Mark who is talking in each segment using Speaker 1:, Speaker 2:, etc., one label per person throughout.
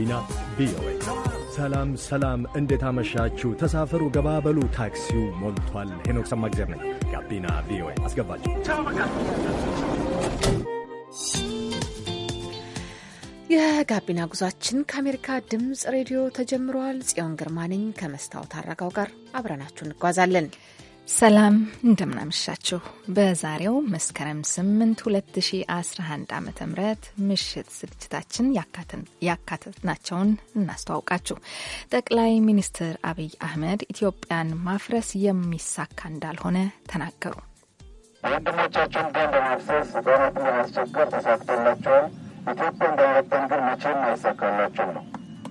Speaker 1: ጋቢና ቪኦኤ። ሰላም ሰላም፣ እንዴት አመሻችሁ? ተሳፈሩ፣ ገባበሉ፣ ታክሲው ሞልቷል። ሄኖክ ሰማግዜር ነኝ። ጋቢና ቪኦኤ አስገባችሁ።
Speaker 2: የጋቢና ጉዟችን ከአሜሪካ ድምፅ ሬዲዮ ተጀምረዋል። ጽዮን ግርማ ነኝ ከመስታወት አረጋው ጋር አብረናችሁ እንጓዛለን። ሰላም
Speaker 3: እንደምናመሻችሁ። በዛሬው መስከረም 8 2011 ዓ ም ምሽት ዝግጅታችን ያካተትናቸውን እናስተዋውቃችሁ። ጠቅላይ ሚኒስትር አብይ አህመድ ኢትዮጵያን ማፍረስ የሚሳካ እንዳልሆነ ተናገሩ። ወንድሞቻችን ደም በማፍሰስ ህጻናት ለማስቸገር ተሳክቶላቸዋል። ኢትዮጵያ እንዳይረጠን ግን መቼም
Speaker 2: አይሳካላቸው ነው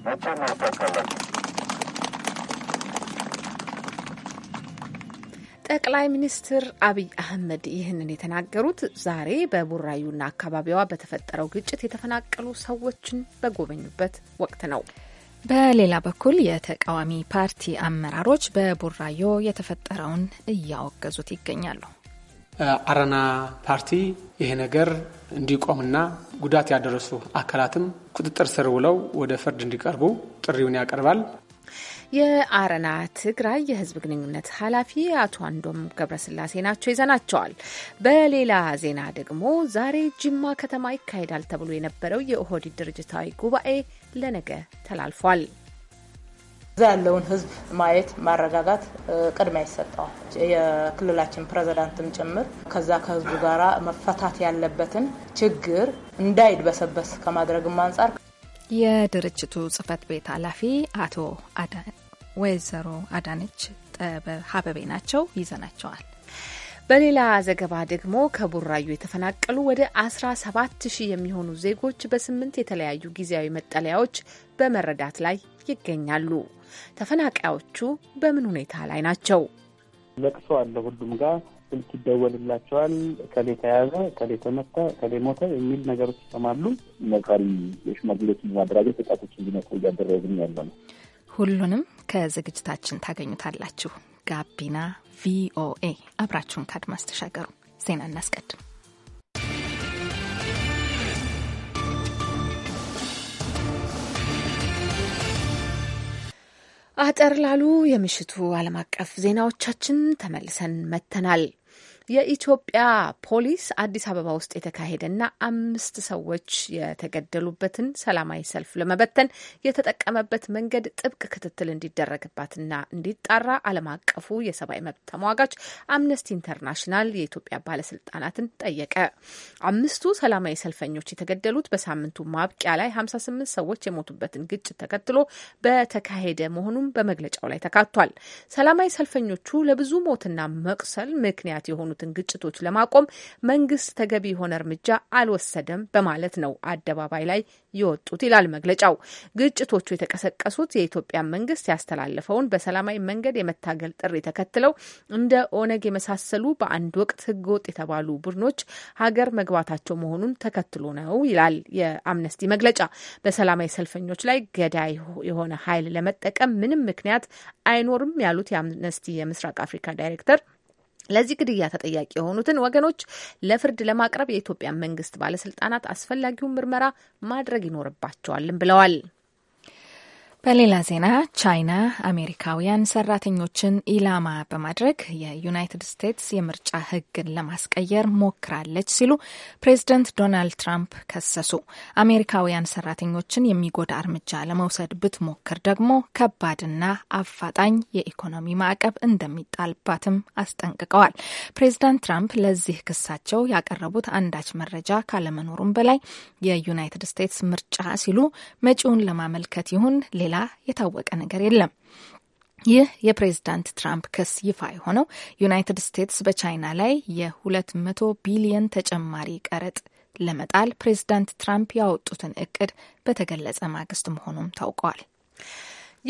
Speaker 2: መቼም አይሳካላቸው ጠቅላይ ሚኒስትር አብይ አህመድ ይህንን የተናገሩት ዛሬ በቡራዩና አካባቢዋ በተፈጠረው ግጭት የተፈናቀሉ ሰዎችን በጎበኙበት ወቅት ነው።
Speaker 3: በሌላ በኩል የተቃዋሚ ፓርቲ አመራሮች በቡራዮ የተፈጠረውን እያወገዙት ይገኛሉ።
Speaker 4: አረና ፓርቲ ይሄ ነገር እንዲቆምና ጉዳት ያደረሱ አካላትም ቁጥጥር ስር ውለው ወደ ፍርድ እንዲቀርቡ ጥሪውን ያቀርባል።
Speaker 2: የአረና ትግራይ የህዝብ ግንኙነት ኃላፊ አቶ አንዶም ገብረስላሴ ናቸው። ይዘናቸዋል። በሌላ ዜና ደግሞ ዛሬ ጅማ ከተማ ይካሄዳል ተብሎ
Speaker 1: የነበረው የኦህዴድ ድርጅታዊ ጉባኤ ለነገ ተላልፏል። እዛ ያለውን ህዝብ ማየት ማረጋጋት ቅድሚያ ይሰጠዋል። የክልላችን ፕሬዚዳንትም ጭምር ከዛ ከህዝቡ ጋራ መፈታት ያለበትን ችግር እንዳይድበሰበስ ከማድረግም አንጻር
Speaker 3: የድርጅቱ ጽህፈት ቤት ኃላፊ አቶ ወይዘሮ አዳነች ሀበቤ ናቸው። ይዘናቸዋል።
Speaker 2: በሌላ ዘገባ ደግሞ ከቡራዩ የተፈናቀሉ ወደ 17 ሺህ የሚሆኑ ዜጎች በስምንት የተለያዩ ጊዜያዊ መጠለያዎች በመረዳት ላይ ይገኛሉ። ተፈናቃዮቹ በምን ሁኔታ ላይ ናቸው?
Speaker 5: ለቅሶ አለ ሁሉም ጋር ስልክ ይደወልላቸዋል። ከሌ ተያዘ፣ ከሌ ተመታ፣ ከሌ ሞተ የሚል ነገሮች ይሰማሉ።
Speaker 6: መካሪ የሽማግሌዎችን ማደራጀት ወጣቶች እንዲነቁ እያደረግን ያለ ነው።
Speaker 3: ሁሉንም ከዝግጅታችን ታገኙታላችሁ። ጋቢና ቪኦኤ አብራችሁን ከአድማስ ተሻገሩ። ዜና እናስቀድም።
Speaker 2: አጠር ላሉ የምሽቱ ዓለም አቀፍ ዜናዎቻችን ተመልሰን መጥተናል። የኢትዮጵያ ፖሊስ አዲስ አበባ ውስጥ የተካሄደና አምስት ሰዎች የተገደሉበትን ሰላማዊ ሰልፍ ለመበተን የተጠቀመበት መንገድ ጥብቅ ክትትል እንዲደረግባትና እንዲጣራ ዓለም አቀፉ የሰብአዊ መብት ተሟጋች አምነስቲ ኢንተርናሽናል የኢትዮጵያ ባለስልጣናትን ጠየቀ። አምስቱ ሰላማዊ ሰልፈኞች የተገደሉት በሳምንቱ ማብቂያ ላይ 58 ሰዎች የሞቱበትን ግጭት ተከትሎ በተካሄደ መሆኑም በመግለጫው ላይ ተካቷል። ሰላማዊ ሰልፈኞቹ ለብዙ ሞትና መቁሰል ምክንያት የሆኑት የሚነሱትን ግጭቶች ለማቆም መንግስት ተገቢ የሆነ እርምጃ አልወሰደም በማለት ነው አደባባይ ላይ የወጡት ይላል መግለጫው። ግጭቶቹ የተቀሰቀሱት የኢትዮጵያ መንግስት ያስተላለፈውን በሰላማዊ መንገድ የመታገል ጥሪ ተከትለው እንደ ኦነግ የመሳሰሉ በአንድ ወቅት ህገወጥ የተባሉ ቡድኖች ሀገር መግባታቸው መሆኑን ተከትሎ ነው ይላል የአምነስቲ መግለጫ። በሰላማዊ ሰልፈኞች ላይ ገዳይ የሆነ ኃይል ለመጠቀም ምንም ምክንያት አይኖርም ያሉት የአምነስቲ የምስራቅ አፍሪካ ዳይሬክተር ለዚህ ግድያ ተጠያቂ የሆኑትን ወገኖች ለፍርድ ለማቅረብ የኢትዮጵያ መንግስት ባለስልጣናት አስፈላጊውን ምርመራ ማድረግ ይኖርባቸዋልም ብለዋል።
Speaker 3: በሌላ ዜና ቻይና አሜሪካውያን ሰራተኞችን ኢላማ በማድረግ የዩናይትድ ስቴትስ የምርጫ ሕግን ለማስቀየር ሞክራለች ሲሉ ፕሬዚደንት ዶናልድ ትራምፕ ከሰሱ። አሜሪካውያን ሰራተኞችን የሚጎዳ እርምጃ ለመውሰድ ብትሞክር ደግሞ ከባድና አፋጣኝ የኢኮኖሚ ማዕቀብ እንደሚጣልባትም አስጠንቅቀዋል። ፕሬዚዳንት ትራምፕ ለዚህ ክሳቸው ያቀረቡት አንዳች መረጃ ካለመኖሩም በላይ የዩናይትድ ስቴትስ ምርጫ ሲሉ መጪውን ለማመልከት ይሁን ሌላ የታወቀ ነገር የለም። ይህ የፕሬዝዳንት ትራምፕ ክስ ይፋ የሆነው ዩናይትድ ስቴትስ በቻይና ላይ የ200 ቢሊየን ተጨማሪ ቀረጥ ለመጣል ፕሬዝዳንት ትራምፕ
Speaker 2: ያወጡትን እቅድ በተገለጸ ማግስት መሆኑም ታውቋል።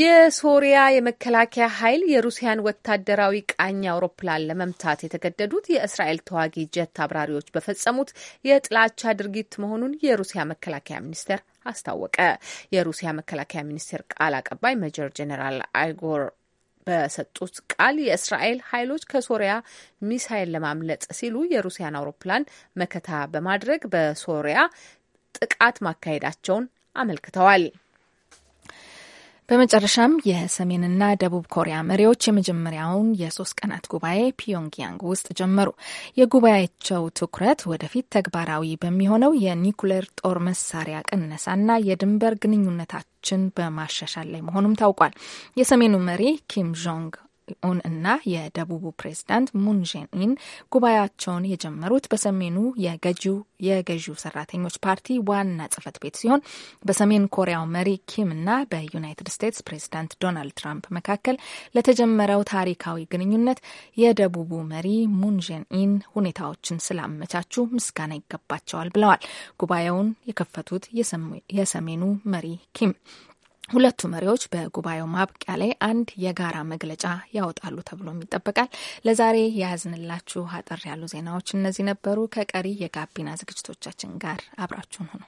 Speaker 2: የሶሪያ የመከላከያ ኃይል የሩሲያን ወታደራዊ ቃኝ አውሮፕላን ለመምታት የተገደዱት የእስራኤል ተዋጊ ጀት አብራሪዎች በፈጸሙት የጥላቻ ድርጊት መሆኑን የሩሲያ መከላከያ ሚኒስቴር አስታወቀ። የሩሲያ መከላከያ ሚኒስቴር ቃል አቀባይ ሜጀር ጀኔራል አይጎር በሰጡት ቃል የእስራኤል ኃይሎች ከሶሪያ ሚሳይል ለማምለጥ ሲሉ የሩሲያን አውሮፕላን መከታ በማድረግ በሶሪያ ጥቃት ማካሄዳቸውን አመልክተዋል።
Speaker 3: በመጨረሻም የሰሜንና ደቡብ ኮሪያ መሪዎች የመጀመሪያውን የሶስት ቀናት ጉባኤ ፒዮንግያንግ ውስጥ ጀመሩ። የጉባኤያቸው ትኩረት ወደፊት ተግባራዊ በሚሆነው የኒኩሌር ጦር መሳሪያ ቅነሳና የድንበር ግንኙነታችን በማሻሻል ላይ መሆኑም ታውቋል። የሰሜኑ መሪ ኪም ጆንግ ኡን እና የደቡቡ ፕሬዝዳንት ሙንጄኢን ጉባኤያቸውን የጀመሩት በሰሜኑ የገዢው የገዢው ሰራተኞች ፓርቲ ዋና ጽህፈት ቤት ሲሆን በሰሜን ኮሪያው መሪ ኪም እና በዩናይትድ ስቴትስ ፕሬዝዳንት ዶናልድ ትራምፕ መካከል ለተጀመረው ታሪካዊ ግንኙነት የደቡቡ መሪ ሙንጄኢን ሁኔታዎችን ስላመቻቹ ምስጋና ይገባቸዋል ብለዋል። ጉባኤውን የከፈቱት የሰሜኑ መሪ ኪም ሁለቱ መሪዎች በጉባኤው ማብቂያ ላይ አንድ የጋራ መግለጫ ያወጣሉ ተብሎም ይጠበቃል። ለዛሬ የያዝንላችሁ አጠር ያሉ ዜናዎች እነዚህ ነበሩ። ከቀሪ የጋቢና ዝግጅቶቻችን ጋር አብራችሁን ሁኑ።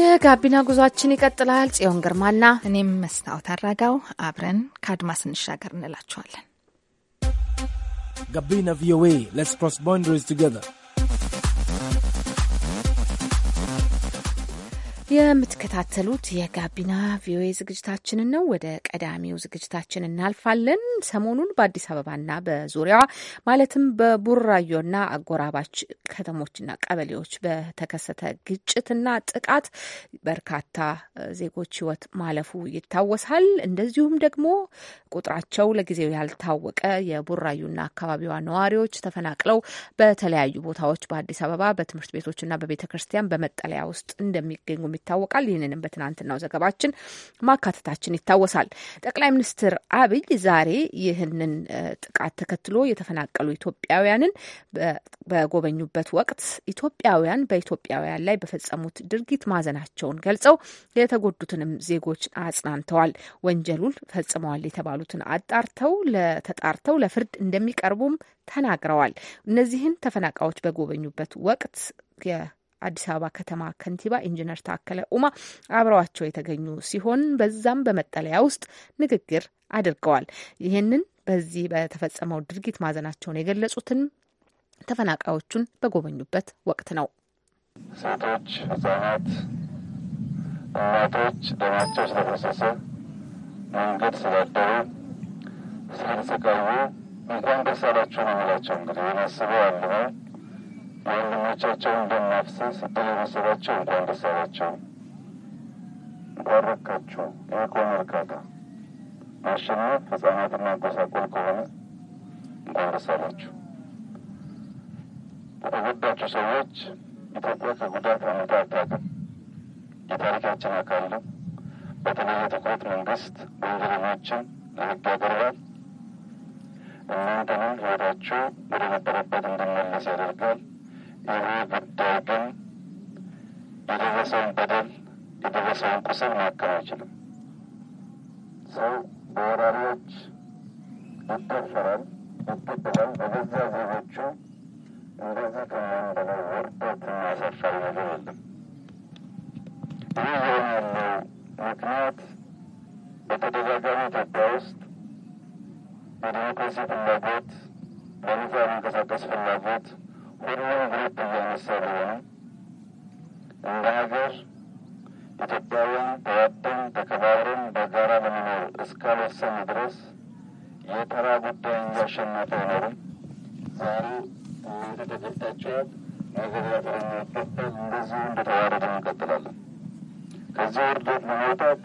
Speaker 3: የጋቢና ጉዟችን ይቀጥላል። ጽዮን ግርማና እኔም መስታወት አራጋው አብረን ከአድማስ እንሻገር እንላችኋለን። ጋቢና ቪኦኤ ሌትስ ክሮስ ባውንደሪስ ቱጌዘር
Speaker 2: የምትከታተሉት የጋቢና ቪኦኤ ዝግጅታችንን ነው። ወደ ቀዳሚው ዝግጅታችን እናልፋለን። ሰሞኑን በአዲስ አበባና በዙሪያዋ ማለትም በቡራዮና አጎራባች ከተሞችና ቀበሌዎች በተከሰተ ግጭትና ጥቃት በርካታ ዜጎች ሕይወት ማለፉ ይታወሳል። እንደዚሁም ደግሞ ቁጥራቸው ለጊዜው ያልታወቀ የቡራዩና አካባቢዋ ነዋሪዎች ተፈናቅለው በተለያዩ ቦታዎች በአዲስ አበባ በትምህርት ቤቶችና በቤተ ክርስቲያን በመጠለያ ውስጥ እንደሚገኙ ይታወቃል። ይህንንም በትናንትናው ዘገባችን ማካተታችን ይታወሳል። ጠቅላይ ሚኒስትር አብይ ዛሬ ይህንን ጥቃት ተከትሎ የተፈናቀሉ ኢትዮጵያውያንን በጎበኙበት ወቅት ኢትዮጵያውያን በኢትዮጵያውያን ላይ በፈጸሙት ድርጊት ማዘናቸውን ገልጸው የተጎዱትንም ዜጎች አጽናንተዋል። ወንጀሉን ፈጽመዋል የተባሉትን አጣርተው ተጣርተው ለፍርድ እንደሚቀርቡም ተናግረዋል። እነዚህን ተፈናቃዮች በጎበኙበት ወቅት አዲስ አበባ ከተማ ከንቲባ ኢንጂነር ታከለ ኡማ አብረዋቸው የተገኙ ሲሆን በዛም በመጠለያ ውስጥ ንግግር አድርገዋል። ይህንን በዚህ በተፈጸመው ድርጊት ማዘናቸውን የገለጹትን ተፈናቃዮቹን በጎበኙበት ወቅት ነው።
Speaker 7: ሴቶች፣ ህጻናት፣ እናቶች ደማቸው ስለፈሰሰ መንገድ ስላደሩ ስለተሰቃዩ እንኳን ደስ አላችሁ ነው የሚላቸው። እንግዲህ የማስበው አለ ወንድሞቻቸውን ደም ማፍሰስ ስለደረሰባቸው እንኳን ደስ አላቸው፣ እንኳን ይህ ከሆነ እርካታ ማሸነፍ ህጻናትና መጎሳቆል ከሆነ እንኳን ደስ አላችሁ። የተጎዳችሁ ሰዎች ኢትዮጵያ ከጉዳት አመጣ አታውቅም። የታሪካችን አካል ነው። በተለየ ትኩረት መንግስት ወንጀለኞችን ለህግ ያቀርባል። እናንተንም ህይወታችሁ ወደ ነበረበት እንድመለስ ያደርጋል። ይሄ ጉዳይ ግን የደረሰውን በደል የደረሰውን ቁስል ማከም አይችልም። ሰው በወራሪዎች ይደፈራል፣ ይገደላል። በገዛ ዜጎቹ እንደዚህ ከመሆን በላይ ውርደትና አሳፋሪ ነገር የለም። ይህ የሆነ ያለው ምክንያት በተደጋጋሚ ኢትዮጵያ ውስጥ የዲሞክራሲ ፍላጎት በነጻ የመንቀሳቀስ ፍላጎት አሸናፊ አይኖርም። ዛሬ እናንተ ተገልጣችኋል፣ ነገ ሊያተረኛ ይገባል። እንደዚሁ እንደተዋረደ እንቀጥላለን። ከዚህ ውርደት ለመውጣት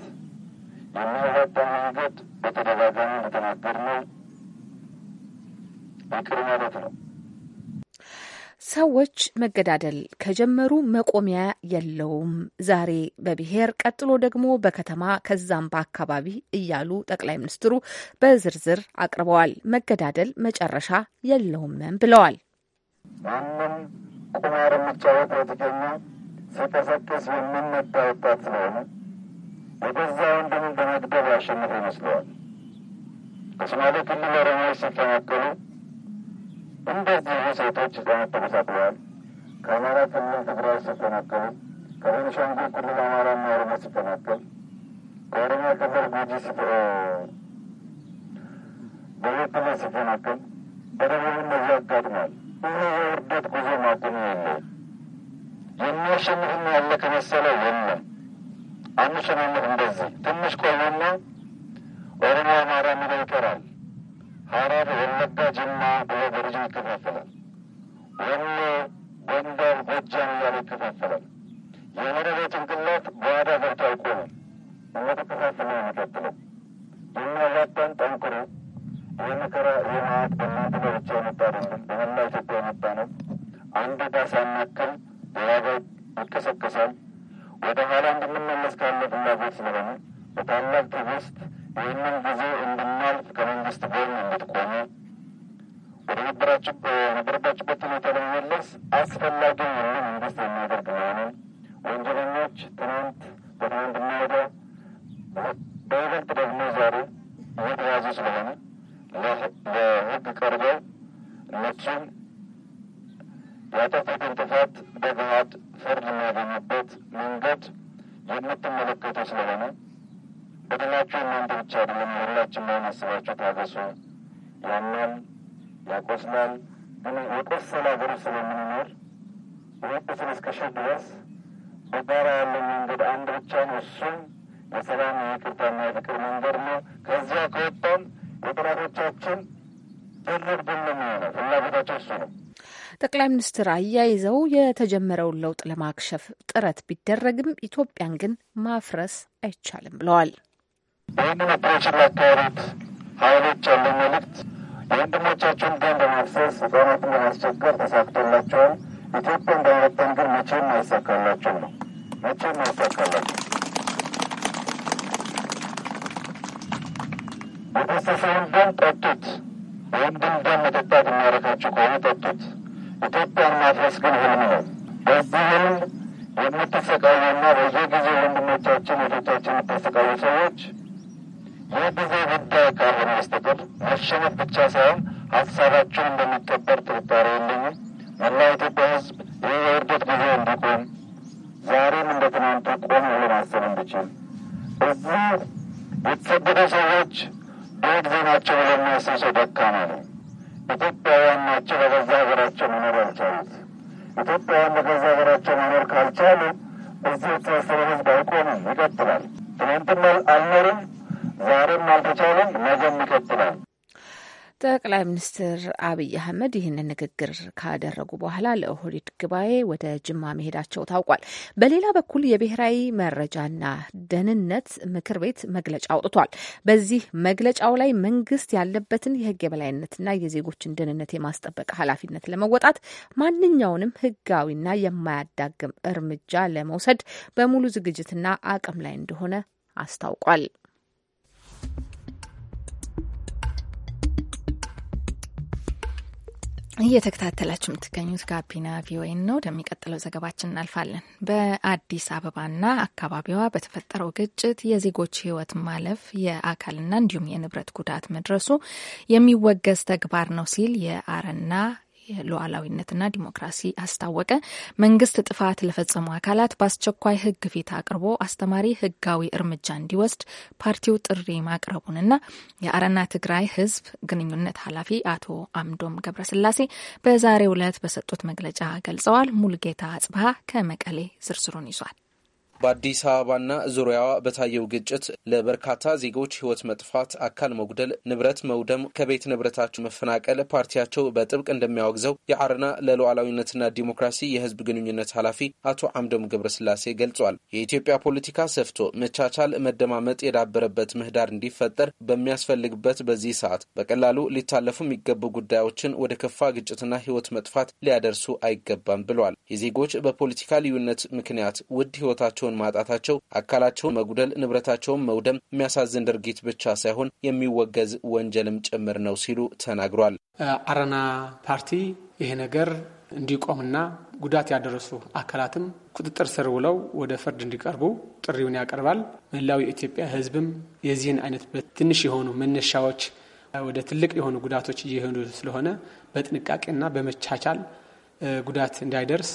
Speaker 2: ሰዎች መገዳደል ከጀመሩ መቆሚያ የለውም። ዛሬ በብሔር ቀጥሎ ደግሞ በከተማ ከዛም በአካባቢ እያሉ ጠቅላይ ሚኒስትሩ በዝርዝር አቅርበዋል። መገዳደል መጨረሻ የለውምም ብለዋል።
Speaker 7: ማንም ቁማር የሚጫወት የተገኘ ሲቀሰቀስ የምንመታ ወጣት ስለሆነ የገዛ ወንድም በመግደል ያሸንፍ ይመስለዋል። ከሶማሌ ክልል ኦሮሞዎች ሲፈናቀሉ እንደ ሴቶች ህጻናት ተጎሳቅለዋል። ከአማራ ክልል ትግራይ ሲፈናቀሉ፣ ከቤኒሻንጉል ክልል አማራና ኦሮሞ ሲፈናቀል፣ ከኦሮሚያ ክልል ጉጂ በቤተማ ሲፈናቀል፣ በደቡብ እነዚህ ያጋጥማል። ይህ የውርደት ጉዞ ማቆሚያ የለውም። የሚያሸንፍም ያለ ከመሰለው የለም። አንሸማመት እንደዚህ ትንሽ ቆየና ኦሮሞ አማራ የሚለው ይቀራል። ሐረር፣ ወለጋ፣ ጅማ ብሎ በልዩ ይከፋፈላል። ወሎ፣ ጎንደር፣ ጎጃም እያለ ይከፋፈላል። የመደበ ጭንቅላት በዋዳ ገብቶ አይቆምም። እየተከፋፈለ ነው የሚቀጥለው። ዛታን ጠንክሮ የመከራ የማት በእናንተ ላይ ብቻ የመጣ አይደለም። በመላ ኢትዮጵያ የመጣ ነው። አንድ ጋር ሳናክል በዋጋ ይቀሰቀሳል። ወደ ኋላ እንድንመለስ ካለ ፍላጎት ስለሆነ በታላቅ ትዕግስት ይህንን ጊዜ እንድናልፍ ከመንግስት ጎን እንድትቆሙ ወደ ነበረባችበት ሁኔታ ለመመለስ አስፈላጊ የሆነ መንግስት የሚያደርግ መሆኑን ወንጀለኞች ትናንት በትናንት ወዲያ በይበልጥ ደግሞ ዛሬ እየተያዙ ስለሆነ ለህግ ቀርበው እነሱም ያጠፉትን ጥፋት በገሃድ ፍርድ የሚያገኙበት መንገድ የምትመለከቱ ስለሆነ በደላችሁ እናንተ ብቻ አይደለም፣ ሁላችን ላይ አስባቸው። ታገሱ። ያማል፣ ያቆስላል። ግን የቆሰለ ሀገሩ ስለምንኖር የወቅስን እስከ ሸድ ድረስ በጋራ ያለ መንገድ አንድ ብቻ ነው። እሱም የሰላም የይቅርታና የፍቅር መንገድ ነው። ከዚያ ከወጣም የጥራቶቻችን ድርብ ድል ሆነ ፍላጎታቸው እሱ ነው።
Speaker 2: ጠቅላይ ሚኒስትር አያይዘው የተጀመረውን ለውጥ ለማክሸፍ ጥረት ቢደረግም ኢትዮጵያን ግን ማፍረስ አይቻልም ብለዋል።
Speaker 7: በወንድሞች የሚያካሄዱት ኃይሎች ያለ መልእክት የወንድሞቻቸውን ደም በማፍሰስ ህጻናትን በማስቸገር ተሳክቶላቸዋል። ኢትዮጵያ እንደመረጠን ግን መቼም አይሳካላቸው ነው። መቼም አይሳካላቸው። የፈሰሰውን ደም ጠጡት። ወንድም ደም መጠጣት የሚያረካቸው ከሆነ ጠጡት። ኢትዮጵያን ማፍረስ ግን ህልም ነው። በዚህ ህልም የምትሰቃዩና ጊዜ ወንድሞቻችን እህቶቻችን የምታሰቃዩ ሰዎች የጊዜ ጉዳይ ካልሆነ በስተቀር መሸነፍ ብቻ ሳይሆን ሀሳባቸው እንደሚከበር ጥርጣሬ የለኝም። መላ ኢትዮጵያ ሕዝብ ይህ የእርደት ጊዜ እንዲቆም ዛሬም እንደ ትናንቱ ቆም ብሎ ማሰብ እንዲችል እዚህ የተሰደደ ሰዎች በህግ ዜናቸው ለሚያስብ ሰው በቃ
Speaker 2: ሚኒስትር አብይ አህመድ ይህንን ንግግር ካደረጉ በኋላ ለኦህዴድ ጉባኤ ወደ ጅማ መሄዳቸው ታውቋል። በሌላ በኩል የብሔራዊ መረጃና ደህንነት ምክር ቤት መግለጫ አውጥቷል። በዚህ መግለጫው ላይ መንግስት ያለበትን የህግ የበላይነትና የዜጎችን ደህንነት የማስጠበቅ ኃላፊነት ለመወጣት ማንኛውንም ህጋዊና የማያዳግም እርምጃ ለመውሰድ በሙሉ ዝግጅትና አቅም ላይ እንደሆነ አስታውቋል።
Speaker 3: እየተከታተላችሁ የምትገኙት ጋቢና ቪኦኤ ነው። ወደሚቀጥለው ዘገባችን እናልፋለን። በአዲስ አበባና አካባቢዋ በተፈጠረው ግጭት የዜጎች ሕይወት ማለፍ የአካልና እንዲሁም የንብረት ጉዳት መድረሱ የሚወገዝ ተግባር ነው ሲል የአረና ሉዓላዊነትና ዲሞክራሲ አስታወቀ። መንግስት ጥፋት ለፈጸሙ አካላት በአስቸኳይ ህግ ፊት አቅርቦ አስተማሪ ህጋዊ እርምጃ እንዲወስድ ፓርቲው ጥሪ ማቅረቡንና የአረና ትግራይ ህዝብ ግንኙነት ኃላፊ አቶ አምዶም ገብረስላሴ በዛሬው ዕለት በሰጡት መግለጫ ገልጸዋል። ሙልጌታ አጽብሃ ከመቀሌ ዝርዝሩን
Speaker 8: ይዟል። በአዲስ አበባና ዙሪያዋ በታየው ግጭት ለበርካታ ዜጎች ህይወት መጥፋት፣ አካል መጉደል፣ ንብረት መውደም፣ ከቤት ንብረታቸው መፈናቀል ፓርቲያቸው በጥብቅ እንደሚያወግዘው የአረና ለሉዓላዊነትና ዲሞክራሲ የህዝብ ግንኙነት ኃላፊ አቶ አምዶም ገብረስላሴ ገልጿል። የኢትዮጵያ ፖለቲካ ሰፍቶ መቻቻል፣ መደማመጥ የዳበረበት ምህዳር እንዲፈጠር በሚያስፈልግበት በዚህ ሰዓት በቀላሉ ሊታለፉ የሚገቡ ጉዳዮችን ወደ ከፋ ግጭትና ህይወት መጥፋት ሊያደርሱ አይገባም ብሏል። የዜጎች በፖለቲካ ልዩነት ምክንያት ውድ ህይወታቸው። ሕይወታቸውን ማጣታቸው፣ አካላቸውን መጉደል፣ ንብረታቸውን መውደም የሚያሳዝን ድርጊት ብቻ ሳይሆን የሚወገዝ ወንጀልም ጭምር ነው ሲሉ ተናግሯል። አረና ፓርቲ
Speaker 4: ይሄ ነገር እንዲቆምና ጉዳት ያደረሱ አካላትም ቁጥጥር ስር ውለው ወደ ፍርድ እንዲቀርቡ ጥሪውን ያቀርባል። መላው የኢትዮጵያ ህዝብም የዚህን አይነት በትንሽ የሆኑ መነሻዎች ወደ ትልቅ የሆኑ ጉዳቶች እየሄዱ ስለሆነ በጥንቃቄና በመቻቻል ጉዳት እንዳይደርስ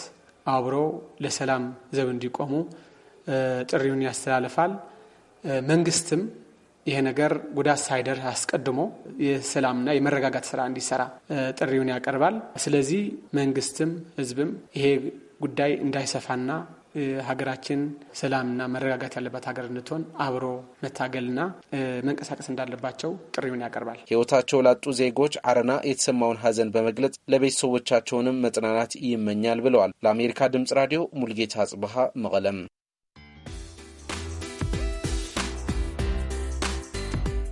Speaker 4: አብሮ ለሰላም ዘብ እንዲቆሙ ጥሪውን ያስተላልፋል። መንግስትም ይሄ ነገር ጉዳት ሳይደርስ አስቀድሞ የሰላምና የመረጋጋት ስራ እንዲሰራ ጥሪውን ያቀርባል። ስለዚህ መንግስትም ህዝብም ይሄ ጉዳይ እንዳይሰፋና ሀገራችን ሰላምና መረጋጋት ያለባት ሀገር እንድትሆን አብሮ መታገልና መንቀሳቀስ እንዳለባቸው ጥሪውን ያቀርባል።
Speaker 8: ህይወታቸው ላጡ ዜጎች አረና የተሰማውን ሀዘን በመግለጽ ለቤተሰቦቻቸውንም መጽናናት ይመኛል ብለዋል። ለአሜሪካ ድምጽ ራዲዮ ሙልጌታ አጽብሃ መቀለም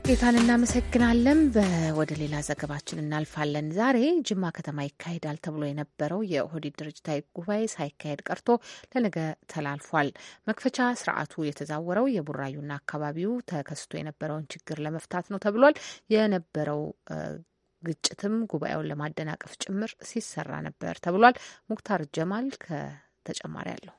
Speaker 2: ጌታን እናመሰግናለን። ወደ ሌላ ዘገባችን እናልፋለን። ዛሬ ጅማ ከተማ ይካሄዳል ተብሎ የነበረው የኦህዴድ ድርጅታዊ ጉባኤ ሳይካሄድ ቀርቶ ለነገ ተላልፏል። መክፈቻ ስርዓቱ የተዛወረው የቡራዩና አካባቢው ተከስቶ የነበረውን ችግር ለመፍታት ነው ተብሏል። የነበረው ግጭትም ጉባኤውን ለማደናቀፍ ጭምር ሲሰራ ነበር ተብሏል። ሙክታር ጀማል ከተጨማሪ አለው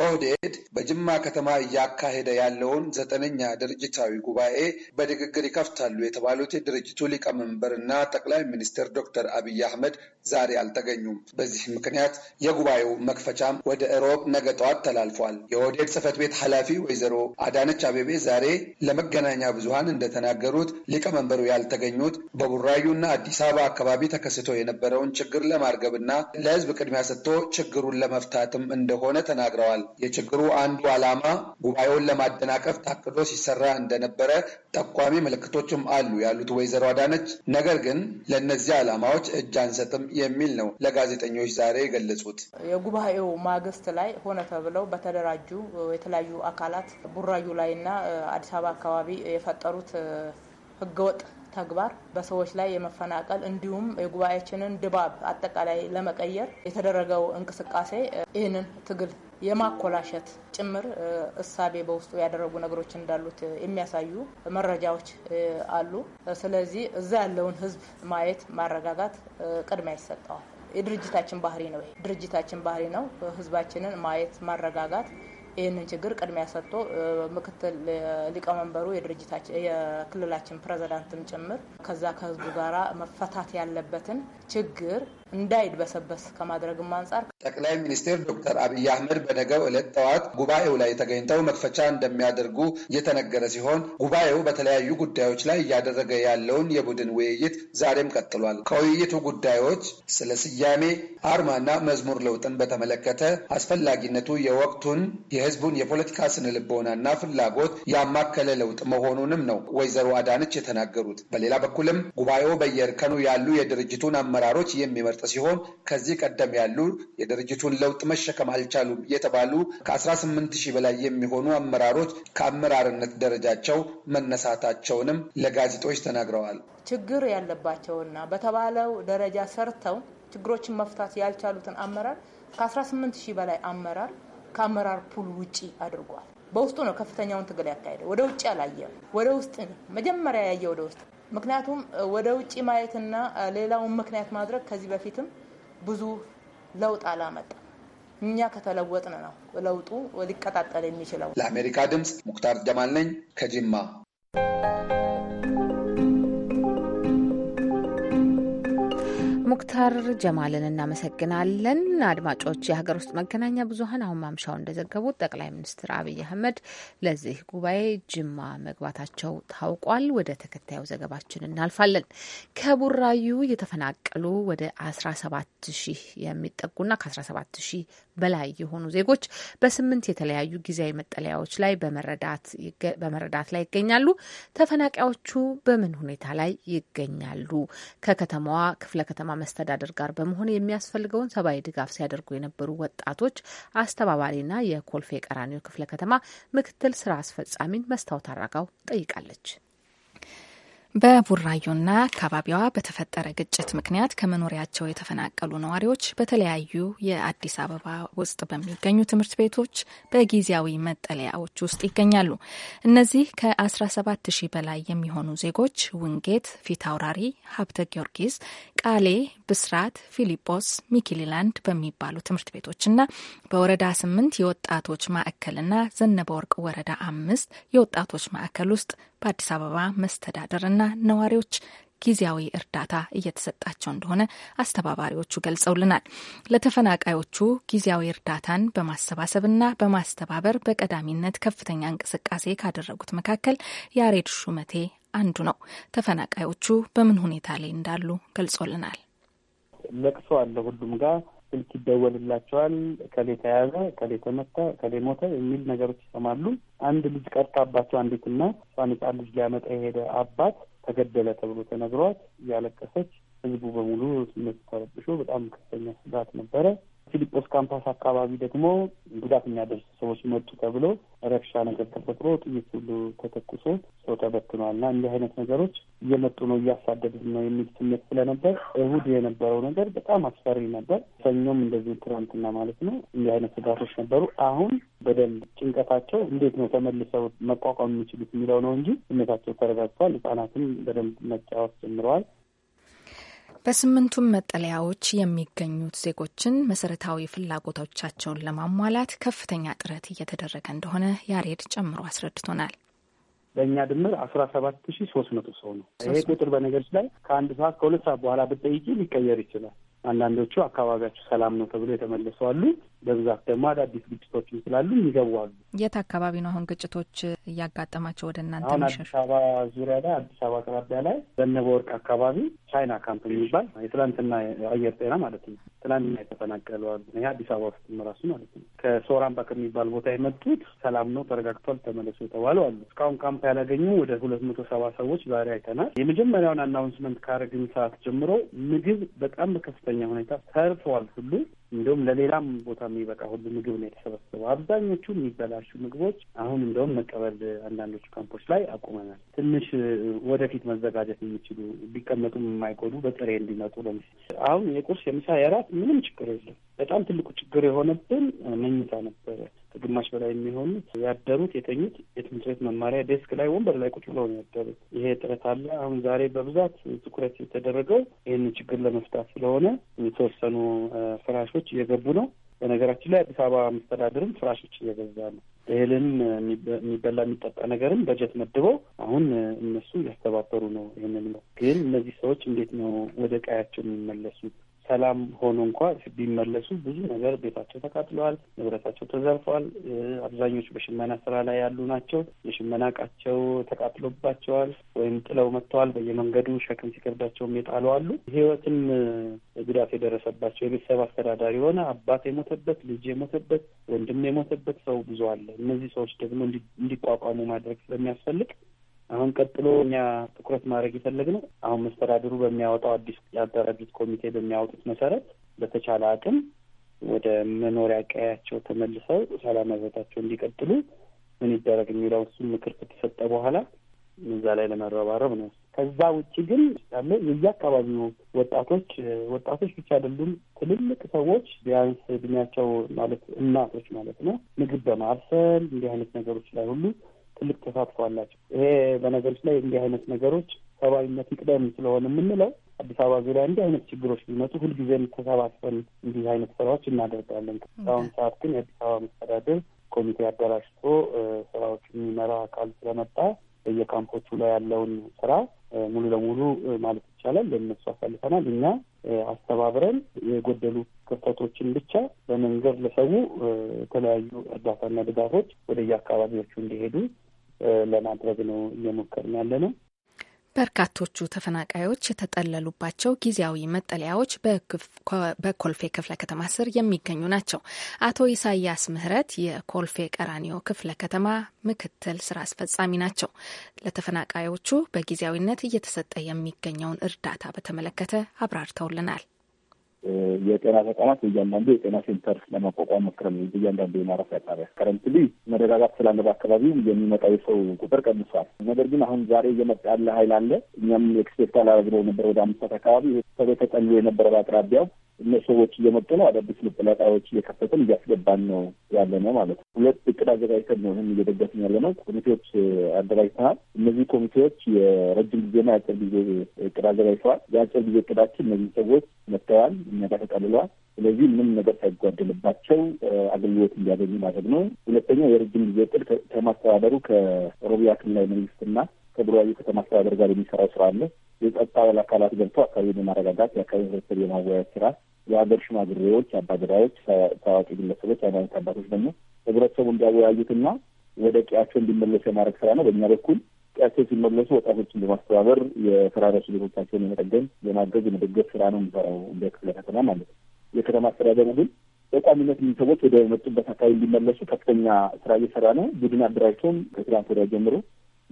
Speaker 9: ኦህዴድ በጅማ ከተማ እያካሄደ ያለውን ዘጠነኛ ድርጅታዊ ጉባኤ በንግግር ይከፍታሉ የተባሉት የድርጅቱ ሊቀመንበር እና ጠቅላይ ሚኒስትር ዶክተር አብይ አህመድ ዛሬ አልተገኙም። በዚህ ምክንያት የጉባኤው መክፈቻም ወደ እሮብ ነገ ጠዋት ተላልፏል። የኦህዴድ ጽህፈት ቤት ኃላፊ ወይዘሮ አዳነች አቤቤ ዛሬ ለመገናኛ ብዙሃን እንደተናገሩት ሊቀመንበሩ ያልተገኙት በቡራዩና አዲስ አበባ አካባቢ ተከስቶ የነበረውን ችግር ለማርገብና ለህዝብ ቅድሚያ ሰጥቶ ችግሩን ለመፍታትም እንደሆነ ተናግረዋል። ገልጸዋል። የችግሩ አንዱ ዓላማ ጉባኤውን ለማደናቀፍ ታቅዶ ሲሰራ እንደነበረ ጠቋሚ ምልክቶችም አሉ ያሉት ወይዘሮ አዳነች ነገር ግን ለእነዚህ ዓላማዎች እጅ አንሰጥም የሚል ነው ለጋዜጠኞች ዛሬ የገለጹት።
Speaker 1: የጉባኤው ማግስት ላይ ሆነ ተብለው በተደራጁ የተለያዩ አካላት ቡራዩ ላይና አዲስ አበባ አካባቢ የፈጠሩት ህገወጥ ተግባር በሰዎች ላይ የመፈናቀል እንዲሁም የጉባኤያችንን ድባብ አጠቃላይ ለመቀየር የተደረገው እንቅስቃሴ ይህንን ትግል የማኮላሸት ጭምር እሳቤ በውስጡ ያደረጉ ነገሮች እንዳሉት የሚያሳዩ መረጃዎች አሉ። ስለዚህ እዛ ያለውን ህዝብ ማየት ማረጋጋት ቅድሚያ ይሰጠዋል። የድርጅታችን ባህሪ ነው። ይሄ ድርጅታችን ባህሪ ነው። ህዝባችንን ማየት ማረጋጋት ይህንን ችግር ቅድሚያ ሰጥቶ ምክትል ሊቀመንበሩ የክልላችን ፕሬዚዳንትም ጭምር ከዛ ከህዝቡ ጋራ መፈታት ያለበትን ችግር እንዳይድበሰበስ ከማድረግም አንጻር
Speaker 9: ጠቅላይ ሚኒስትር ዶክተር አብይ አህመድ በነገው ዕለት ጠዋት ጉባኤው ላይ ተገኝተው መክፈቻ እንደሚያደርጉ የተነገረ ሲሆን ጉባኤው በተለያዩ ጉዳዮች ላይ እያደረገ ያለውን የቡድን ውይይት ዛሬም ቀጥሏል። ከውይይቱ ጉዳዮች ስለ ስያሜ፣ አርማና መዝሙር ለውጥን በተመለከተ አስፈላጊነቱ የወቅቱን የህዝቡን የፖለቲካ ስነልቦናና ፍላጎት ያማከለ ለውጥ መሆኑንም ነው ወይዘሮ አዳነች የተናገሩት። በሌላ በኩልም ጉባኤው በየእርከኑ ያሉ የድርጅቱን አመራ አመራሮች የሚመርጥ ሲሆን ከዚህ ቀደም ያሉ የድርጅቱን ለውጥ መሸከም አልቻሉም የተባሉ ከ18 ሺህ በላይ የሚሆኑ አመራሮች ከአመራርነት ደረጃቸው መነሳታቸውንም ለጋዜጦች ተናግረዋል።
Speaker 1: ችግር ያለባቸውና በተባለው ደረጃ ሰርተው ችግሮችን መፍታት ያልቻሉትን አመራር ከ18 ሺህ በላይ አመራር ከአመራር ፑል ውጪ አድርጓል። በውስጡ ነው ከፍተኛውን ትግል ያካሄደ። ወደ ውጭ አላየም። ወደ ውስጥ ነው መጀመሪያ ያየ። ወደ ውስጥ ምክንያቱም ወደ ውጭ ማየትና ሌላውን ምክንያት ማድረግ ከዚህ በፊትም ብዙ ለውጥ አላመጣም። እኛ ከተለወጥን ነው ለውጡ
Speaker 9: ሊቀጣጠል የሚችለው። ለአሜሪካ ድምፅ ሙክታር ጀማል ነኝ ከጅማ
Speaker 2: ሙክታር ጀማልን እናመሰግናለን። አድማጮች፣ የሀገር ውስጥ መገናኛ ብዙኃን አሁን ማምሻው እንደዘገቡት ጠቅላይ ሚኒስትር አብይ አህመድ ለዚህ ጉባኤ ጅማ መግባታቸው ታውቋል። ወደ ተከታዩ ዘገባችን እናልፋለን። ከቡራዩ የተፈናቀሉ ወደ 17 ሺህ የሚጠጉና ከ17 ሺህ በላይ የሆኑ ዜጎች በስምንት የተለያዩ ጊዜያዊ መጠለያዎች ላይ በመረዳት ላይ ይገኛሉ። ተፈናቃዮቹ በምን ሁኔታ ላይ ይገኛሉ? ከከተማዋ ክፍለ ከተማ መስተዳደር ጋር በመሆን የሚያስፈልገውን ሰብአዊ ድጋፍ ሲያደርጉ የነበሩ ወጣቶች አስተባባሪና የኮልፌ ቀራኒዮ ክፍለ ከተማ ምክትል ስራ አስፈጻሚን መስታወት አራጋው ጠይቃለች።
Speaker 3: በቡራዩና አካባቢዋ በተፈጠረ ግጭት ምክንያት ከመኖሪያቸው የተፈናቀሉ ነዋሪዎች በተለያዩ የአዲስ አበባ ውስጥ በሚገኙ ትምህርት ቤቶች በጊዜያዊ መጠለያዎች ውስጥ ይገኛሉ። እነዚህ ከ17 ሺህ በላይ የሚሆኑ ዜጎች ውንጌት፣ ፊት አውራሪ፣ ሀብተ ጊዮርጊስ፣ ቃሌ፣ ብስራት፣ ፊሊጶስ፣ ሚኪሊላንድ በሚባሉ ትምህርት ቤቶችና በወረዳ ስምንት የወጣቶች ማዕከልና ዘነበ ወርቅ ወረዳ አምስት የወጣቶች ማዕከል ውስጥ በአዲስ አበባ መስተዳደርና ነዋሪዎች ጊዜያዊ እርዳታ እየተሰጣቸው እንደሆነ አስተባባሪዎቹ ገልጸውልናል። ለተፈናቃዮቹ ጊዜያዊ እርዳታን በማሰባሰብና በማስተባበር በቀዳሚነት ከፍተኛ እንቅስቃሴ ካደረጉት መካከል ያሬድ ሹመቴ አንዱ ነው። ተፈናቃዮቹ በምን ሁኔታ ላይ እንዳሉ ገልጾልናል።
Speaker 5: ለቅሶ አለ ሁሉም ጋር ስልክ ይደወልላቸዋል። ከሌ ተያዘ፣ ከሌ ተመታ፣ ከሌ ሞተ የሚል ነገሮች ይሰማሉ። አንድ ልጅ ቀርታባቸው አንዲት እናት እሷን ልጅ ሊያመጣ የሄደ አባት ተገደለ ተብሎ ተነግሯት እያለቀሰች ህዝቡ በሙሉ ስሜት ተረብሾ በጣም ከፍተኛ ስጋት ነበረ። ፊሊጶስ ካምፓስ አካባቢ ደግሞ ጉዳት የሚያደርሱ ሰዎች መጡ ተብሎ ረብሻ ነገር ተፈጥሮ ጥይት ሁሉ ተተኩሶ ሰው ተበትኗል እና እንዲህ አይነት ነገሮች እየመጡ ነው እያሳደዱት ነው የሚል ስሜት ስለነበር እሁድ የነበረው ነገር በጣም አስፈሪ ነበር። ሰኞም እንደዚህ ትናንትና ማለት ነው እንዲህ አይነት ስጋቶች ነበሩ። አሁን በደንብ ጭንቀታቸው እንዴት ነው ተመልሰው መቋቋም የሚችሉት የሚለው ነው እንጂ ስሜታቸው ተረጋግቷል። ህጻናትም በደንብ መጫወት ጀምረዋል።
Speaker 3: በስምንቱም መጠለያዎች የሚገኙት ዜጎችን መሰረታዊ ፍላጎቶቻቸውን ለማሟላት ከፍተኛ ጥረት እየተደረገ እንደሆነ ያሬድ ጨምሮ አስረድቶናል።
Speaker 5: በእኛ ድምር አስራ ሰባት ሺ ሶስት መቶ ሰው ነው። ይሄ ቁጥር በነገሮች ላይ ከአንድ ሰዓት ከሁለት ሰዓት በኋላ ብጠይቂ ሊቀየር ይችላል። አንዳንዶቹ አካባቢያቸው ሰላም ነው ተብሎ የተመለሱ አሉ። በብዛት ደግሞ አዳዲስ ግጭቶችም ስላሉ ይገባሉ።
Speaker 3: የት አካባቢ ነው አሁን ግጭቶች እያጋጠማቸው ወደ እናንተ? አሁን አዲስ
Speaker 5: አበባ ዙሪያ ላይ አዲስ አበባ አቅራቢያ ላይ በነበወርቅ አካባቢ ቻይና ካምፕ የሚባል የትላንትና አየር ጤና ማለት ነው ትላንትና የተፈናቀሉ አሉ። ይህ አዲስ አበባ ውስጥ ራሱ ማለት ነው ከሶራምባ ከሚባል ቦታ የመጡት ሰላም ነው ተረጋግቷል፣ ተመለሱ የተባሉ አሉ። እስካሁን ካምፕ ያላገኙ ወደ ሁለት መቶ ሰባ ሰዎች ዛሬ አይተናል። የመጀመሪያውን አናውንስመንት ካረግን ሰዓት ጀምሮ ምግብ በጣም በከፍተኛ ሁኔታ ተርፈዋል ሁሉ እንዲሁም ለሌላም ቦታ የሚበቃ ሁሉ ምግብ ነው የተሰበሰበው። አብዛኞቹ የሚበላሹ ምግቦች አሁን እንደውም መቀበል አንዳንዶቹ ካምፖች ላይ አቁመናል። ትንሽ ወደፊት መዘጋጀት የሚችሉ ቢቀመጡም የማይጎዱ በጥሬ እንዲመጡ ለምሳሌ አሁን የቁርስ የምሳ የራት ምንም ችግር የለም። በጣም ትልቁ ችግር የሆነብን መኝታ ነበረ። ከግማሽ በላይ የሚሆኑት ያደሩት የተኙት የትምህርት ቤት መማሪያ ዴስክ ላይ ወንበር ላይ ቁጭ ብለው ነው ያደሩት። ይሄ ጥረት አለ። አሁን ዛሬ በብዛት ትኩረት የተደረገው ይህን ችግር ለመፍታት ስለሆነ የተወሰኑ ፍራሾች እየገቡ ነው። በነገራችን ላይ አዲስ አበባ መስተዳድርም ፍራሾች እየገዛ ነው። እህልም የሚበላ የሚጠጣ ነገርም በጀት መድበው አሁን እነሱ እያስተባበሩ ነው። ይህንን ነው ግን እነዚህ ሰዎች እንዴት ነው ወደ ቀያቸው የሚመለሱት? ሰላም ሆኖ እንኳ ቢመለሱ ብዙ ነገር ቤታቸው ተቃጥለዋል፣ ንብረታቸው ተዘርፈዋል። አብዛኞቹ በሽመና ስራ ላይ ያሉ ናቸው። የሽመና እቃቸው ተቃጥሎባቸዋል ወይም ጥለው መጥተዋል። በየመንገዱ ሸክም ሲከብዳቸውም የጣሉ አሉ። ህይወትም ጉዳት የደረሰባቸው የቤተሰብ አስተዳዳሪ የሆነ አባት የሞተበት፣ ልጅ የሞተበት፣ ወንድም የሞተበት ሰው ብዙ አለ። እነዚህ ሰዎች ደግሞ እንዲቋቋሙ ማድረግ ስለሚያስፈልግ አሁን ቀጥሎ እኛ ትኩረት ማድረግ የፈለግነው አሁን መስተዳድሩ በሚያወጣው አዲስ የአደራጁት ኮሚቴ በሚያወጡት መሰረት በተቻለ አቅም ወደ መኖሪያ ቀያቸው ተመልሰው ሰላም ሕይወታቸው እንዲቀጥሉ ምን ይደረግ የሚለው እሱም ምክር ከተሰጠ በኋላ እዛ ላይ ለመረባረብ ነው። ከዛ ውጭ ግን ያለ የየአካባቢው ወጣቶች ወጣቶች ብቻ አይደሉም። ትልልቅ ሰዎች ቢያንስ እድሜያቸው ማለት እናቶች ማለት ነው ምግብ በማብሰል እንዲህ አይነት ነገሮች ላይ ሁሉ ትልቅ ተሳትፎ አላቸው። ይሄ በነገሮች ላይ እንዲህ አይነት ነገሮች ሰብአዊነት ይቅደም ስለሆነ የምንለው አዲስ አበባ ዙሪያ እንዲህ አይነት ችግሮች ቢመጡ ሁልጊዜም ተሰባስበን እንዲህ አይነት ስራዎች እናደርጋለን። በአሁኑ ሰዓት ግን የአዲስ አበባ መስተዳደር ኮሚቴ አደራጅቶ ስራዎች የሚመራ አካል ስለመጣ በየካምፖቹ ላይ ያለውን ስራ ሙሉ ለሙሉ ማለት ይቻላል ለእነሱ አሳልፈናል። እኛ አስተባብረን የጎደሉ ክፍተቶችን ብቻ በመንገድ ለሰው የተለያዩ እርዳታና ድጋፎች ወደየአካባቢዎቹ እንዲሄዱ ለማድረግ ነው እየሞከርን ያለ ነው።
Speaker 3: በርካቶቹ ተፈናቃዮች የተጠለሉባቸው ጊዜያዊ መጠለያዎች በኮልፌ ክፍለ ከተማ ስር የሚገኙ ናቸው። አቶ ኢሳያስ ምህረት የኮልፌ ቀራኒዮ ክፍለ ከተማ ምክትል ስራ አስፈጻሚ ናቸው። ለተፈናቃዮቹ በጊዜያዊነት እየተሰጠ የሚገኘውን እርዳታ በተመለከተ አብራርተውልናል።
Speaker 6: የጤና ተቋማት እያንዳንዱ የጤና ሴንተር ለማቋቋም መክረም በእያንዳንዱ የማረፊያ ጣቢያ ከረንትሊ መረጋጋት ስላለ በአካባቢው የሚመጣው የሰው ቁጥር ቀንሷል። ነገር ግን አሁን ዛሬ እየመጣ ያለ ሀይል አለ። እኛም ኤክስፔክት አላረግነው ነበር። ወደ አምስት ሰዓት አካባቢ ሰው ተጠልሎ የነበረ በአቅራቢያው እነሱ ሰዎች እየመጡ ነው። አዳዲስ መጠላጣዎች እየከፈትን እያስገባን ነው ያለ ነው ማለት ነው። ሁለት እቅድ አዘጋጅተን ነው ይህን እየደገፍን ያለ ነው። ኮሚቴዎች አደራጅተናል። እነዚህ ኮሚቴዎች የረጅም ጊዜና የአጭር ጊዜ እቅድ አዘጋጅተዋል። የአጭር ጊዜ እቅዳችን እነዚህ ሰዎች መጥተዋል፣ እኛ ጋር ተቀልለዋል። ስለዚህ ምንም ነገር ሳይጓደልባቸው አገልግሎት እንዲያገኙ ማድረግ ነው። ሁለተኛው የረጅም ጊዜ እቅድ ከማስተዳደሩ ከኦሮሚያ ክልላዊ መንግስትና ከቡራዩ ከተማ አስተዳደር ጋር የሚሰራው ስራ አለ። የጸጥታ ኃይል አካላት ገብቶ አካባቢ የማረጋጋት የአካባቢ ህብረተሰብ የማወያየት ስራ፣ የሀገር ሽማግሬዎች፣ አባገዳዎች፣ ታዋቂ ግለሰቦች፣ ሃይማኖት አባቶች ደግሞ ህብረተሰቡ እንዲያወያዩትና ወደ ቀያቸው እንዲመለሱ የማድረግ ስራ ነው። በእኛ በኩል ቀያቸው ሲመለሱ ወጣቶችን በማስተባበር የፈራረሱ ቤቶቻቸውን የመጠገን የማገዝ የመደገፍ ስራ ነው የሚሰራው እንደ ክፍለ ከተማ ማለት ነው። የከተማ አስተዳደሩ ግን በቋሚነት የሚሰ ሰዎች ወደ መጡበት አካባቢ እንዲመለሱ ከፍተኛ ስራ እየሰራ ነው። ቡድን አደራጅቶም ከትናንት ወዲያ ጀምሮ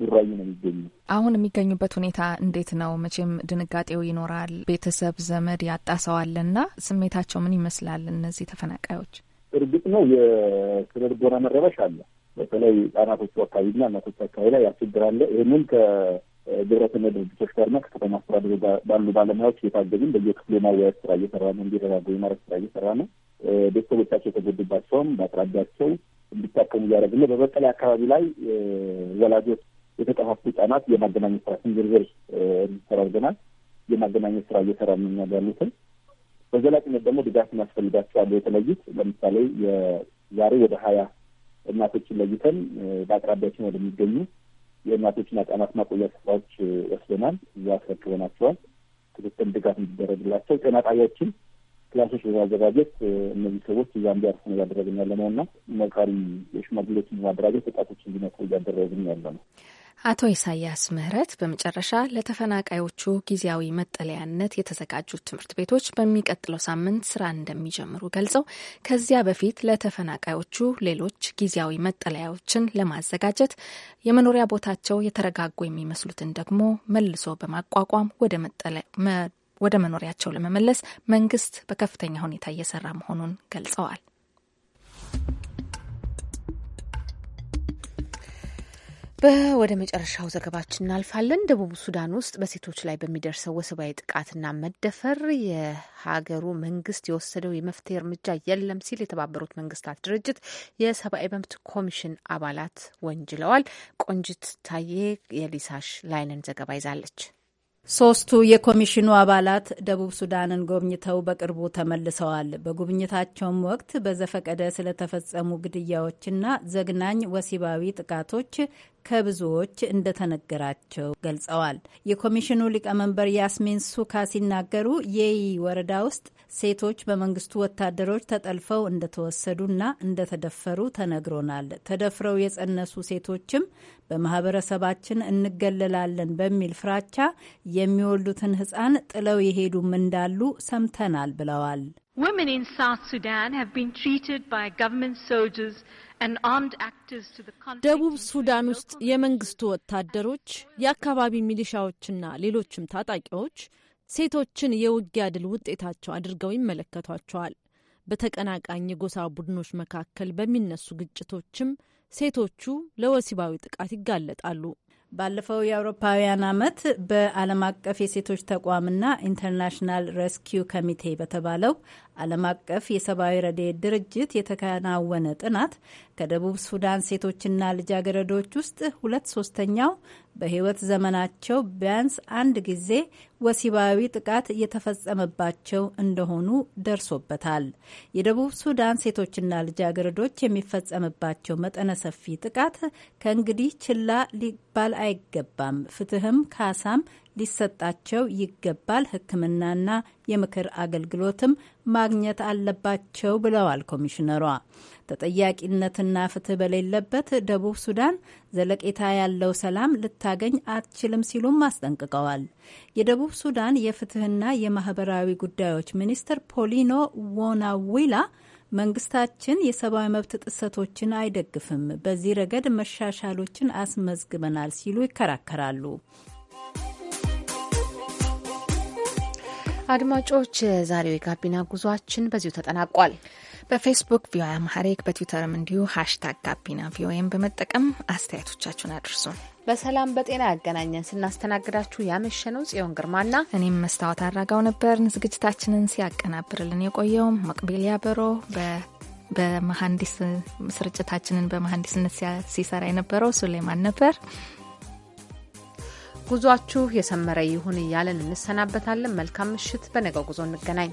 Speaker 6: ቡራዩ ነው የሚገኙ።
Speaker 3: አሁን የሚገኙበት ሁኔታ እንዴት ነው? መቼም ድንጋጤው ይኖራል። ቤተሰብ ዘመድ ያጣሰዋልና ስሜታቸው ምን ይመስላል? እነዚህ ተፈናቃዮች
Speaker 6: እርግጥ ነው የስነ ልቦና መረበሽ አለ። በተለይ ህጻናቶቹ አካባቢና እናቶቹ አካባቢ ላይ ያስቸግራለ። ይህንን ከግብረሰናይ ድርጅቶች ጋርና ከተማ አስተዳደሩ ባሉ ባለሙያዎች እየታገዝን በየክፍሉ የማወያየት ስራ እየሰራ ነው። እንዲረጋጉ የማድረግ ስራ እየሰራ ነው። ቤተሰቦቻቸው የተጎዱባቸውም በአቅራቢያቸው እንዲታከሙ እያደረግን ነው። በመቀሌ አካባቢ ላይ ወላጆች የተጠፋፉ ህጻናት የማገናኘት ስራችን ዝርዝር ተራርገናል። የማገናኘት ስራ እየሰራ ነው ያሉትን በዘላቂነት ደግሞ ድጋፍ የሚያስፈልጋቸዋል የተለዩት ለምሳሌ የዛሬ ወደ ሀያ እናቶችን ለይተን በአቅራቢያችን ወደሚገኙ የእናቶችና ህጻናት ማቆያ ስፍራዎች ወስደናል። እዛ አስረክበናቸዋል። ክትትል ድጋፍ እንዲደረግላቸው ጤና ጣቢያዎችን ክላሶች በማዘጋጀት እነዚህ ሰዎች እዛ እንዲያርፉ ነው እያደረግን ያለ ነው እና መካሪ የሽማግሌዎችን በማደራጀት ወጣቶች እንዲመክሩ እያደረግን ያለ ነው።
Speaker 3: አቶ ኢሳያስ ምህረት በመጨረሻ ለተፈናቃዮቹ ጊዜያዊ መጠለያነት የተዘጋጁት ትምህርት ቤቶች በሚቀጥለው ሳምንት ስራ እንደሚጀምሩ ገልጸው ከዚያ በፊት ለተፈናቃዮቹ ሌሎች ጊዜያዊ መጠለያዎችን ለማዘጋጀት የመኖሪያ ቦታቸው የተረጋጉ የሚመስሉትን ደግሞ መልሶ በማቋቋም ወደ ወደ መኖሪያቸው ለመመለስ መንግስት በከፍተኛ ሁኔታ እየሰራ መሆኑን ገልጸዋል።
Speaker 2: ወደ መጨረሻው ዘገባችን እናልፋለን። ደቡብ ሱዳን ውስጥ በሴቶች ላይ በሚደርሰው ወሲባዊ ጥቃትና መደፈር የሀገሩ መንግስት የወሰደው የመፍትሄ እርምጃ የለም ሲል የተባበሩት መንግስታት ድርጅት የሰብአዊ መብት ኮሚሽን አባላት ወንጅለዋል። ቆንጅት ታዬ የሊሳሽ ላይንን ዘገባ ይዛለች።
Speaker 10: ሶስቱ የኮሚሽኑ አባላት ደቡብ ሱዳንን ጎብኝተው በቅርቡ ተመልሰዋል። በጉብኝታቸውም ወቅት በዘፈቀደ ስለተፈጸሙ ግድያዎችና ዘግናኝ ወሲባዊ ጥቃቶች ከብዙዎች እንደተነገራቸው ገልጸዋል። የኮሚሽኑ ሊቀመንበር ያስሚን ሱካ ሲናገሩ የይ ወረዳ ውስጥ ሴቶች በመንግስቱ ወታደሮች ተጠልፈው እንደተወሰዱና እንደተደፈሩ ተነግሮናል። ተደፍረው የጸነሱ ሴቶችም በማህበረሰባችን እንገለላለን በሚል ፍራቻ የሚወልዱትን ሕፃን ጥለው የሄዱም እንዳሉ ሰምተናል ብለዋል። Women in South Sudan have been treated by government soldiers ደቡብ ሱዳን ውስጥ የመንግስቱ ወታደሮች፣ የአካባቢ ሚሊሻዎችና ሌሎችም ታጣቂዎች ሴቶችን የውጊያ ድል ውጤታቸው አድርገው ይመለከቷቸዋል። በተቀናቃኝ የጎሳ ቡድኖች መካከል በሚነሱ ግጭቶችም ሴቶቹ ለወሲባዊ ጥቃት ይጋለጣሉ። ባለፈው የአውሮፓውያን ዓመት በዓለም አቀፍ የሴቶች ተቋምና ኢንተርናሽናል ሬስኪው ኮሚቴ በተባለው ዓለም አቀፍ የሰብአዊ ረድኤት ድርጅት የተከናወነ ጥናት ከደቡብ ሱዳን ሴቶችና ልጃገረዶች ውስጥ ሁለት ሶስተኛው በሕይወት ዘመናቸው ቢያንስ አንድ ጊዜ ወሲባዊ ጥቃት የተፈጸመባቸው እንደሆኑ ደርሶበታል። የደቡብ ሱዳን ሴቶችና ልጃገረዶች የሚፈጸምባቸው መጠነ ሰፊ ጥቃት ከእንግዲህ ችላ ሊባል አይገባም። ፍትህም ካሳም ሊሰጣቸው ይገባል፣ ሕክምናና የምክር አገልግሎትም ማግኘት አለባቸው ብለዋል ኮሚሽነሯ። ተጠያቂነትና ፍትህ በሌለበት ደቡብ ሱዳን ዘለቄታ ያለው ሰላም ልታገኝ አትችልም ሲሉም አስጠንቅቀዋል። የደቡብ ሱዳን የፍትህና የማህበራዊ ጉዳዮች ሚኒስትር ፖሊኖ ዎናዊላ መንግስታችን የሰብአዊ መብት ጥሰቶችን አይደግፍም፣ በዚህ ረገድ መሻሻሎችን አስመዝግበናል ሲሉ ይከራከራሉ።
Speaker 2: አድማጮች የዛሬው የጋቢና ጉዟችን በዚሁ ተጠናቋል። በፌስቡክ ቪኦኤ አማሐሪክ በትዊተርም እንዲሁ ሀሽታግ ጋቢና
Speaker 3: ቪኦኤም በመጠቀም አስተያየቶቻችሁን አድርሱን።
Speaker 2: በሰላም በጤና ያገናኘን። ስናስተናግዳችሁ
Speaker 3: ያመሸነው ጽዮን ግርማና እኔም መስታወት አድራጋው ነበርን። ዝግጅታችንን ሲያቀናብርልን የቆየውም መቅቤል ያበሮ በመሐንዲስ ስርጭታችንን በመሀንዲስነት ሲሰራ የነበረው ሱሌማን ነበር።
Speaker 2: ጉዟችሁ የሰመረ ይሁን እያለን እንሰናበታለን። መልካም ምሽት። በነገው ጉዞ እንገናኝ።